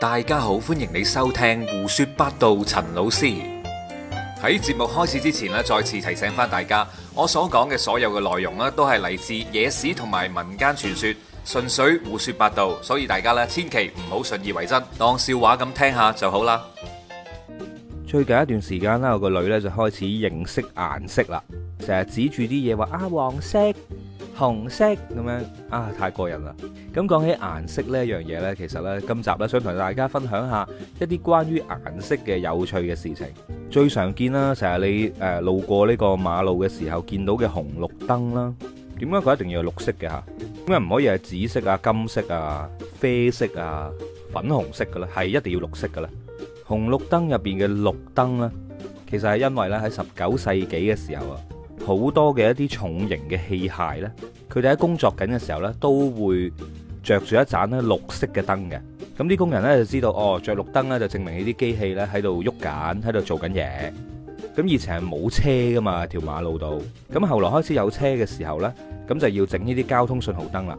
大家好，歡迎你收聽胡說八道。陳老師喺節目開始之前咧，再次提醒翻大家，我所講嘅所有嘅內容咧都係嚟自野史同埋民間傳說，純粹胡說八道，所以大家咧千祈唔好信以為真，當笑話咁聽下就好啦。最近一段時間啦，我個女咧就開始認識顏色啦，成日指住啲嘢話啊黃色。紅色咁樣啊，太過癮啦。咁講起顏色呢一樣嘢呢，其實呢，今集呢，想同大家分享下一啲關於顏色嘅有趣嘅事情。最常見啦，成日你誒路過呢個馬路嘅時候見到嘅紅綠燈啦，點解佢一定要綠色嘅吓？點解唔可以係紫色啊、金色啊、啡色啊、粉紅色嘅咧？係一定要綠色嘅咧？紅綠燈入邊嘅綠燈呢，其實係因為呢，喺十九世紀嘅時候啊，好多嘅一啲重型嘅器械咧，佢哋喺工作緊嘅時候咧，都會著住一盞咧綠色嘅燈嘅。咁啲工人咧就知道哦，著綠燈咧就證明呢啲機器咧喺度喐緊，喺度做緊嘢。咁以前係冇車㗎嘛，條馬路度。咁後來開始有車嘅時候咧，咁就要整呢啲交通信號燈啦。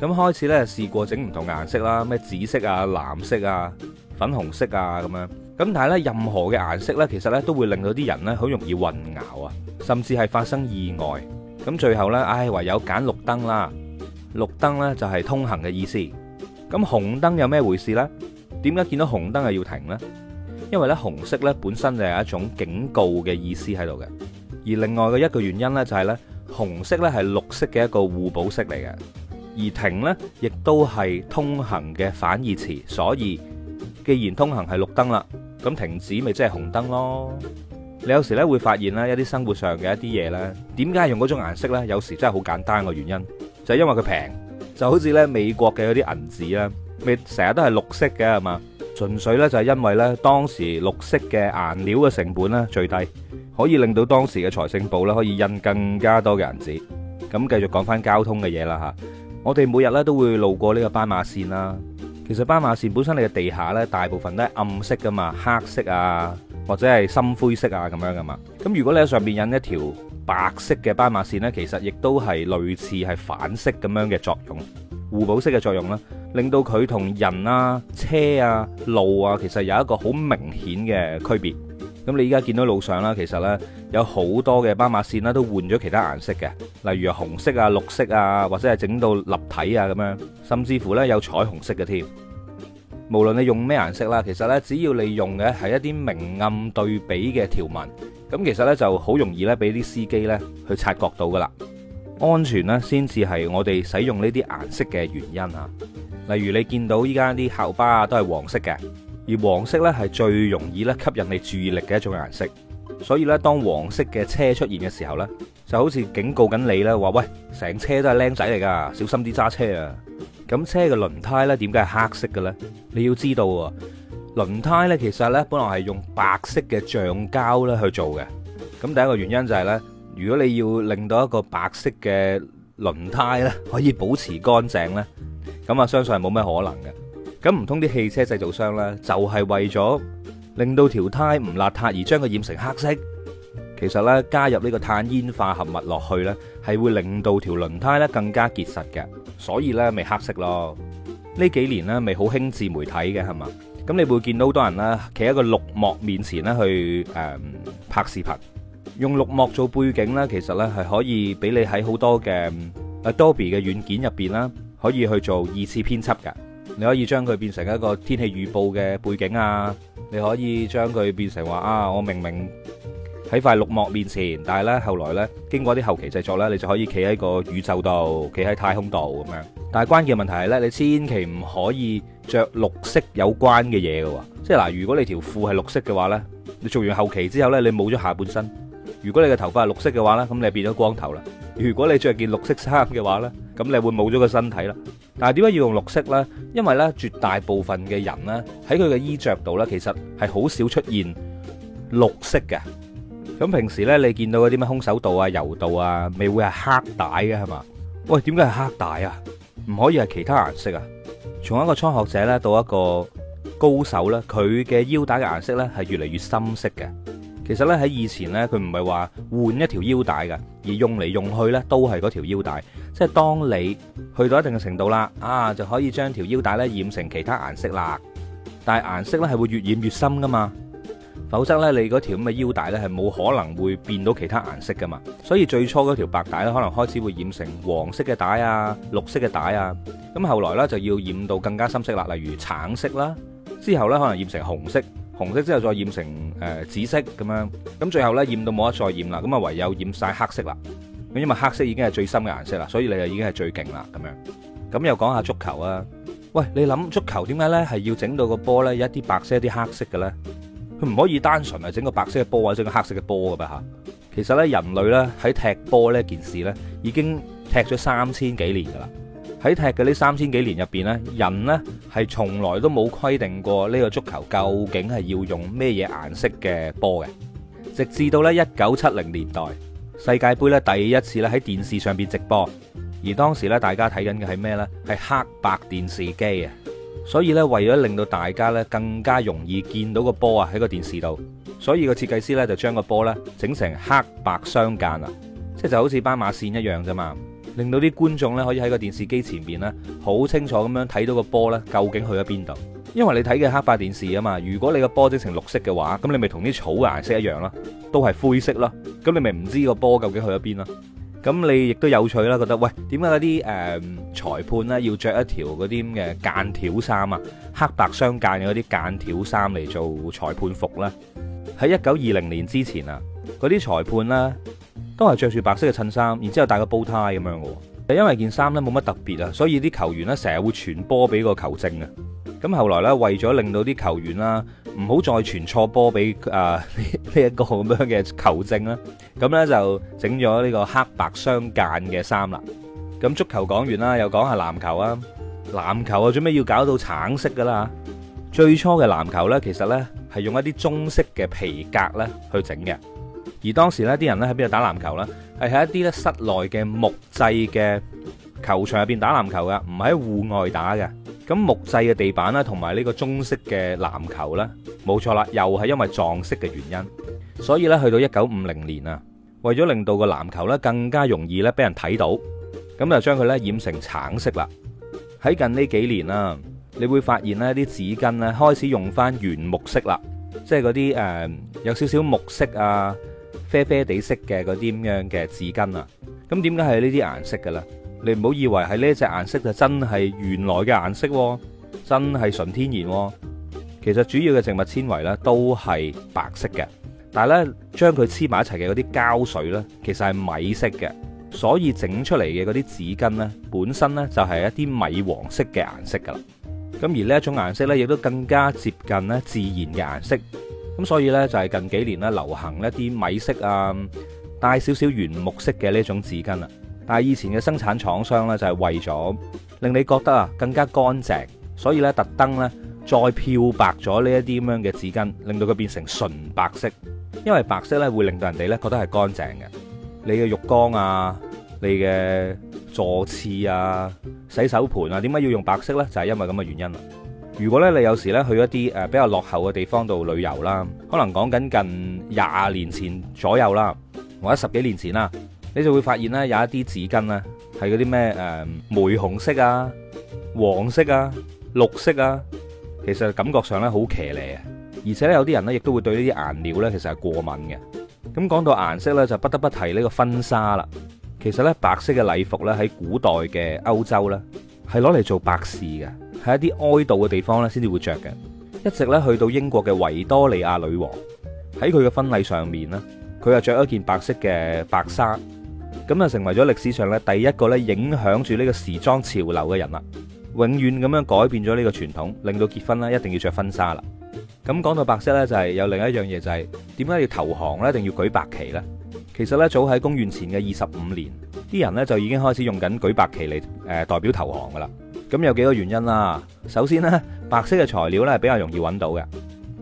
咁開始咧試過整唔同顏色啦，咩紫色啊、藍色啊。粉紅色啊咁樣，咁但係咧，任何嘅顏色咧，其實咧都會令到啲人咧好容易混淆啊，甚至係發生意外。咁最後咧，唉，唯有揀綠燈啦。綠燈咧就係通行嘅意思。咁紅燈有咩回事呢？點解見到紅燈係要停呢？因為咧紅色咧本身就係一種警告嘅意思喺度嘅。而另外嘅一個原因咧就係、是、咧紅色咧係綠色嘅一個互補色嚟嘅，而停咧亦都係通行嘅反義詞，所以。既然通行係綠燈啦，咁停止咪即係紅燈咯。你有時咧會發現啦，一啲生活上嘅一啲嘢咧，點解係用嗰種顏色咧？有時真係好簡單嘅原因，就係因為佢平。就好似咧美國嘅嗰啲銀紙咧，咪成日都係綠色嘅係嘛，純粹咧就係因為咧當時綠色嘅顏料嘅成本咧最低，可以令到當時嘅財政部咧可以印更加多嘅銀紙。咁繼續講翻交通嘅嘢啦吓，我哋每日咧都會路過呢個斑馬線啦。其實斑馬線本身你嘅地下呢，大部分都係暗色噶嘛，黑色啊，或者係深灰色啊咁樣噶嘛。咁如果你喺上邊引一條白色嘅斑馬線呢，其實亦都係類似係反色咁樣嘅作用，互補色嘅作用啦，令到佢同人啊、車啊、路啊，其實有一個好明顯嘅區別。咁你依家見到路上啦，其實呢，有好多嘅斑馬線啦，都換咗其他顏色嘅，例如紅色啊、綠色啊，或者係整到立體啊咁樣，甚至乎呢，有彩虹色嘅添。無論你用咩顏色啦，其實呢，只要你用嘅係一啲明暗對比嘅條紋，咁其實呢就好容易呢俾啲司機呢去察覺到㗎喇，安全呢，先至係我哋使用呢啲顏色嘅原因啊。例如你見到依家啲校巴啊都係黃色嘅。而黃色咧係最容易咧吸引你注意力嘅一種顏色，所以咧當黃色嘅車出現嘅時候咧，就好似警告緊你咧話喂，成車都係靚仔嚟㗎，小心啲揸車啊！咁車嘅輪胎咧點解係黑色嘅咧？你要知道啊，輪胎咧其實咧本來係用白色嘅橡膠咧去做嘅。咁第一個原因就係咧，如果你要令到一個白色嘅輪胎咧可以保持乾淨咧，咁啊相信係冇咩可能嘅。咁唔通啲汽車製造商呢，就係為咗令到條胎唔邋遢而將佢染成黑色？其實呢，加入呢個碳煙化合物落去呢，係會令到條輪胎呢更加結實嘅。所以呢咪黑色咯？呢幾年呢，咪好興自媒體嘅係嘛？咁你會見到好多人啦，企喺個綠幕面前呢去、嗯、拍視頻，用綠幕做背景呢，其實呢係可以俾你喺好多嘅 Adobe 嘅軟件入邊啦，可以去做二次編輯嘅。你可以將佢變成一個天氣預報嘅背景啊！你可以將佢變成話啊，我明明喺塊綠幕面前，但係呢，後來呢，經過啲後期製作呢，你就可以企喺個宇宙度，企喺太空度咁樣。但係關鍵問題係呢，你千祈唔可以着綠色有關嘅嘢喎。即係嗱，如果你條褲係綠色嘅話呢，你做完後期之後呢，你冇咗下半身；如果你嘅頭髮係綠色嘅話呢，咁你變咗光頭啦；如果你着件綠色衫嘅話呢。咁你會冇咗個身體啦，但係點解要用綠色呢？因為呢，絕大部分嘅人呢，喺佢嘅衣着度呢，其實係好少出現綠色嘅。咁平時呢，你見到嗰啲咩空手道啊、柔道啊，咪會係黑帶嘅係嘛？喂，點解係黑帶啊？唔可以係其他顏色啊？從一個初學者呢到一個高手呢，佢嘅腰帶嘅顏色呢，係越嚟越深色嘅。其實咧喺以前咧，佢唔係話換一條腰帶㗎，而用嚟用去咧都係嗰條腰帶。即係當你去到一定嘅程度啦，啊就可以將條腰帶咧染成其他顏色啦。但係顏色咧係會越染越深噶嘛。否則咧你嗰條咁嘅腰帶咧係冇可能會變到其他顏色噶嘛。所以最初嗰條白帶咧可能開始會染成黃色嘅帶啊、綠色嘅帶啊。咁後來咧就要染到更加深色啦，例如橙色啦，之後咧可能染成紅色。紅色之後再染成誒紫色咁樣，咁最後咧染到冇得再染啦，咁啊唯有染晒黑色啦。咁因為黑色已經係最深嘅顏色啦，所以你就已經係最勁啦咁樣。咁又講下足球啊？喂，你諗足球點解咧係要整到個波咧有一啲白色、一啲黑色嘅咧？佢唔可以單純係整個白色嘅波或者個黑色嘅波噶嘛嚇？其實咧人類咧喺踢波呢件事咧已經踢咗三千幾年噶啦。喺踢嘅呢三千幾年入邊呢，人呢係從來都冇規定過呢個足球究竟係要用咩嘢顏色嘅波嘅，直至到咧一九七零年代世界盃呢第一次咧喺電視上邊直播，而當時咧大家睇緊嘅係咩呢？係黑白電視機啊！所以呢，為咗令到大家呢更加容易見到個波啊喺個電視度，所以設計個設計師呢就將個波呢整成黑白相間啊，即係就好似斑馬線一樣啫嘛。令到啲觀眾咧可以喺個電視機前面咧好清楚咁樣睇到個波咧究竟去咗邊度？因為你睇嘅黑白電視啊嘛，如果你個波整成綠色嘅話，咁你咪同啲草顏色一樣咯，都係灰色咯。咁你咪唔知個波究竟去咗邊咯？咁你亦都有趣啦，覺得喂，點解啲誒裁判咧要着一條嗰啲嘅間條衫啊，黑白相間嘅嗰啲間條衫嚟做裁判服咧？喺一九二零年之前啊，嗰啲裁判啦，都係着住白色嘅襯衫，然之後戴個煲呔咁樣喎。就因為件衫呢冇乜特別啊，所以啲球員呢成日會傳波俾，呃這個這個球證嘅。咁後來呢，為咗令到啲球員啦唔好再傳錯波俾啊呢一個咁樣嘅球證啦，咁呢就整咗呢個黑白相間嘅衫啦。咁足球講完啦，又講下籃球啊。籃球啊做咩要搞到橙色噶啦？最初嘅籃球呢，其實呢係用一啲棕色嘅皮革呢去整嘅。而當時呢啲人呢喺邊度打籃球呢？係喺一啲呢室內嘅木製嘅球場入邊打籃球㗎，唔喺戶外打嘅。咁木製嘅地板呢，同埋呢個棕色嘅籃球呢，冇錯啦，又係因為撞色嘅原因。所以呢，去到一九五零年啊，為咗令到個籃球呢更加容易呢俾人睇到，咁就將佢呢染成橙色啦。喺近呢幾年啦，你會發現呢啲紙巾呢，開始用返原木色啦，即係嗰啲誒有少少木色啊。啡啡地色嘅嗰啲咁樣嘅紙巾啊，咁點解係呢啲顏色嘅咧？你唔好以為係呢一隻顏色就真係原來嘅顏色喎，真係純天然啊。其實主要嘅植物纖維咧都係白色嘅，但係咧將佢黐埋一齊嘅嗰啲膠水咧，其實係米色嘅，所以整出嚟嘅嗰啲紙巾咧，本身咧就係一啲米黃色嘅顏色噶啦。咁而呢一種顏色咧，亦都更加接近咧自然嘅顏色。咁所以呢，就係近幾年咧流行一啲米色啊，帶少少原木色嘅呢種紙巾啦。但係以前嘅生產廠商呢，就係為咗令你覺得啊更加乾淨，所以呢，特登呢再漂白咗呢一啲咁樣嘅紙巾，令到佢變成純白色。因為白色呢會令到人哋呢覺得係乾淨嘅。你嘅浴缸啊，你嘅坐廁啊，洗手盆啊，點解要用白色呢？就係因為咁嘅原因啦。如果咧你有時咧去一啲誒比較落後嘅地方度旅遊啦，可能講緊近廿年前左右啦，或者十幾年前啦，你就會發現咧有一啲紙巾呀係嗰啲咩誒玫紅色啊、黃色啊、綠色啊，其實感覺上咧好騎呢，而且咧有啲人咧亦都會對呢啲顏料咧其實係過敏嘅。咁講到顏色咧，就不得不提呢個婚紗啦。其實咧白色嘅禮服咧喺古代嘅歐洲咧係攞嚟做白事嘅。喺一啲哀悼嘅地方咧，先至會着嘅。一直咧去到英國嘅維多利亞女王喺佢嘅婚禮上面呢，佢就着一件白色嘅白紗，咁啊，成為咗歷史上咧第一個咧影響住呢個時裝潮流嘅人啦。永遠咁樣改變咗呢個傳統，令到結婚啦一定要着婚紗啦。咁講到白色呢，就係有另一樣嘢就係點解要投降呢？一定要舉白旗呢。其實呢，早喺公元前嘅二十五年，啲人呢就已經開始用緊舉白旗嚟，誒，代表投降噶啦。咁有幾個原因啦。首先呢，白色嘅材料呢比較容易揾到嘅。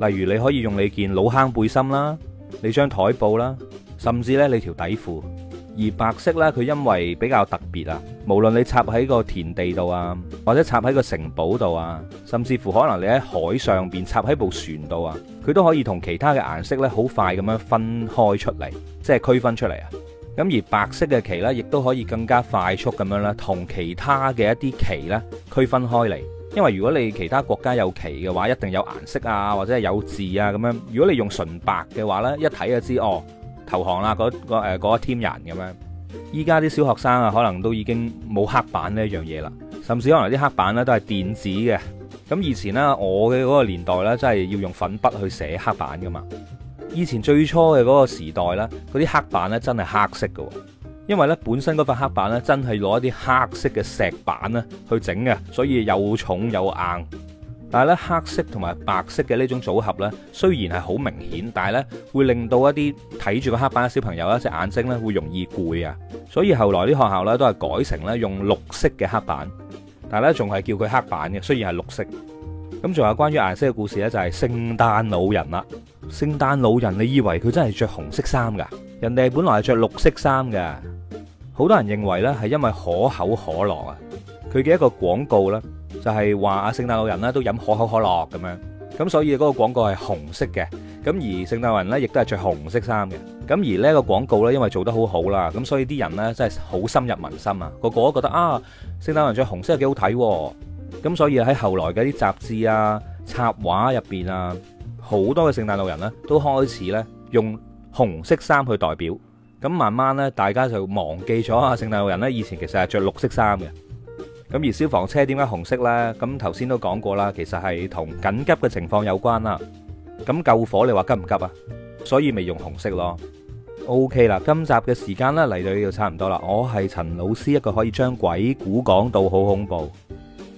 例如你可以用你件老坑背心啦，你張台布啦，甚至呢你條底褲。而白色呢，佢因為比較特別啊，無論你插喺個田地度啊，或者插喺個城堡度啊，甚至乎可能你喺海上邊插喺部船度啊，佢都可以同其他嘅顏色呢好快咁樣分開出嚟，即係區分出嚟啊。咁而白色嘅旗咧，亦都可以更加快速咁樣啦同其他嘅一啲旗咧區分開嚟。因為如果你其他國家有旗嘅話，一定有顏色啊，或者係有字啊咁樣。如果你用純白嘅話呢，一睇就知哦，投降啦！嗰、嗰個嗰天然咁樣。依家啲小學生啊，可能都已經冇黑板呢一樣嘢啦，甚至可能啲黑板呢都係電子嘅。咁以前呢，我嘅嗰個年代呢，真係要用粉筆去寫黑板噶嘛。以前最初嘅嗰個時代，呢嗰啲黑板咧真係黑色嘅，因為呢本身嗰塊黑板咧真係攞一啲黑色嘅石板咧去整嘅，所以又重又硬。但係咧黑色同埋白色嘅呢種組合呢，雖然係好明顯，但係呢會令到一啲睇住個黑板嘅小朋友咧隻眼睛咧會容易攰啊。所以後來啲學校呢都係改成咧用綠色嘅黑板，但係咧仲係叫佢黑板嘅，雖然係綠色。咁仲有關於顏色嘅故事呢，就係聖誕老人啦。聖誕老人，你以為佢真係着紅色衫噶？人哋本來係着綠色衫噶。好多人認為咧，係因為可口可樂啊，佢嘅一個廣告啦，就係話阿聖誕老人啦都飲可口可樂咁樣，咁所以嗰個廣告係紅色嘅。咁而聖誕老人咧，亦都係着紅色衫嘅。咁而呢個廣告咧，因為做得好好啦，咁所以啲人咧真係好深入民心啊！個個都覺得啊，聖誕人着紅色係幾好睇。咁所以喺後來嘅啲雜誌啊、插畫入邊啊。好多嘅聖誕老人咧，都開始咧用紅色衫去代表，咁慢慢咧大家就忘記咗啊聖誕老人咧以前其實係著綠色衫嘅，咁而消防車點解紅色咧？咁頭先都講過啦，其實係同緊急嘅情況有關啦。咁救火你話急唔急啊？所以咪用紅色咯。OK 啦，今集嘅時間咧嚟到呢度差唔多啦。我係陳老師，一個可以將鬼故講到好恐怖，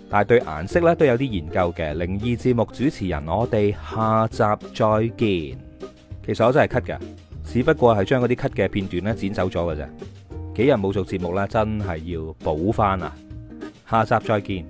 但係對顏色咧都有啲研究嘅靈異節目主持人，我哋下集再見。其實我真係咳㗎，只不過係將嗰啲咳嘅片段咧剪走咗嘅啫。幾日冇做節目啦，真係要補翻啊！下集再見。